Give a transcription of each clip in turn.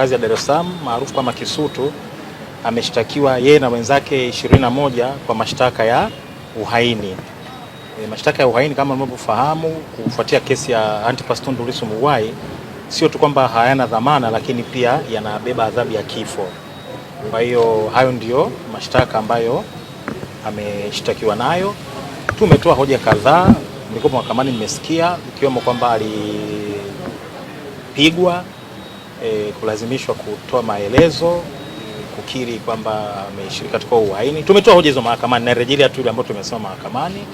makazi ya Dar es Salaam maarufu kama Kisutu ameshtakiwa yeye na wenzake 21 kwa mashtaka ya uhaini. E, mashtaka ya uhaini kama mnavyofahamu, kufuatia kesi ya Antipas Tundu Lissu Mughwai, sio tu kwamba hayana dhamana, lakini pia yanabeba adhabu ya kifo. Kwa hiyo hayo ndiyo mashtaka ambayo ameshtakiwa nayo. Tumetoa hoja kadhaa, nilikuwa mahakamani, mmesikia, ikiwemo kwamba alipigwa e, kulazimishwa kutoa maelezo kukiri kwamba ameshiriki katika uhaini. Tumetoa hoja hizo mahakamani na rejelea tu ile ambayo tumesema mahakamani,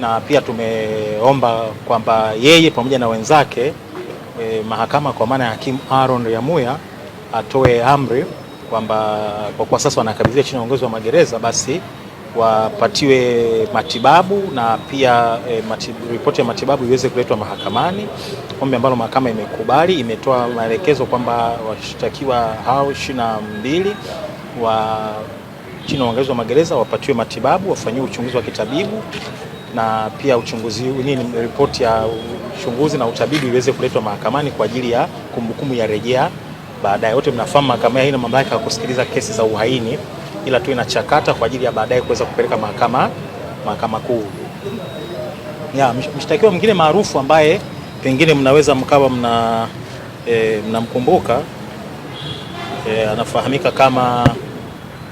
na pia tumeomba kwamba yeye pamoja na wenzake e, mahakama kwa maana ya hakimu Aaron Ryamuya atoe amri kwamba kwa kuwa sasa wanakabidhiwa chini ya uongozi wa magereza basi wapatiwe matibabu na pia e, eh, matibu, ripoti ya matibabu iweze kuletwa mahakamani, ombi ambalo mahakama imekubali. Imetoa maelekezo kwamba washtakiwa hao ishirini na mbili wa chini ya uangalizi wa magereza wapatiwe matibabu, wafanyiwe uchunguzi wa kitabibu na pia uchunguzi nini, ripoti ya uchunguzi na utabibu iweze kuletwa mahakamani kwa ajili ya kumbukumbu ya rejea baadaye. Wote mnafahamu mahakama haina mamlaka ya kusikiliza kesi za uhaini ila tu inachakata kwa ajili ya baadaye kuweza kupeleka mahakama mahakama kuu. Mshtakiwa mwingine maarufu ambaye pengine mnaweza mkawa mna e, mnamkumbuka e, anafahamika kama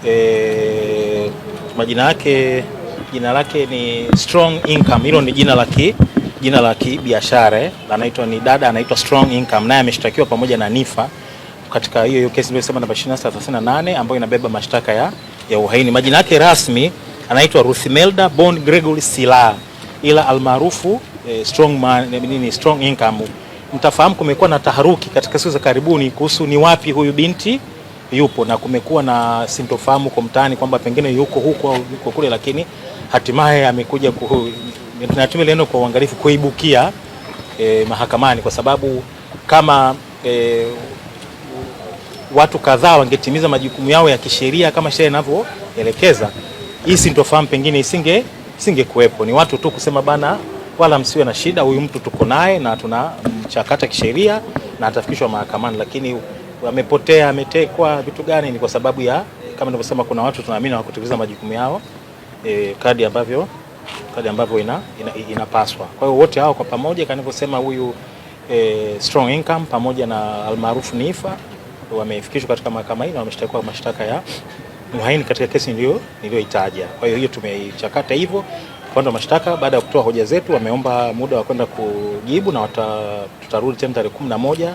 e, majina yake jina lake ni Strong Income. Hilo ni jina la jina la kibiashara, anaitwa ni dada anaitwa Strong Income, naye ameshtakiwa pamoja na Nifa katika hiyo hiyo kesi iliyosema namba 2938 ambayo inabeba mashtaka ya, ya uhaini. Majina yake rasmi anaitwa Ruthmelda Bond Gregory Sila ila almaarufu eh, strong man, eh, nini strong income. Mtafahamu kumekuwa na taharuki katika siku za karibuni kuhusu ni wapi huyu binti yupo na kumekuwa na sintofahamu kwa mtaani kwamba pengine yuko huko au yuko kule, lakini hatimaye amekuja tunatumia neno kwa uangalifu kuibukia eh, mahakamani kwa sababu kama eh, watu kadhaa wangetimiza majukumu yao ya kisheria kama sheria inavyoelekeza, hii sintofahamu pengine isinge isingekuwepo. Ni watu tu kusema bana, wala msiwe na shida, huyu mtu tuko naye na tunamchakata kisheria na atafikishwa mahakamani, lakini amepotea, ametekwa, vitu gani? Ni kwa sababu ya kama nilivyosema, kuna watu tunaamini hawakutimiza majukumu yao e, kadi ambavyo kadi ambavyo ina, ina, ina. inapaswa. Kwa hiyo wote hao kwa pamoja kanavyosema huyu e, Strong Income pamoja na almaarufu Nifa wamefikishwa katika mahakama hii na wameshtakiwa mashtaka ya uhaini katika kesi niliyoitaja. Kwa hiyo hiyo tumeichakata hivyo upande wa mashtaka. Baada ya kutoa hoja zetu, wameomba muda wa kwenda kujibu na tutarudi tena tarehe kumi na moja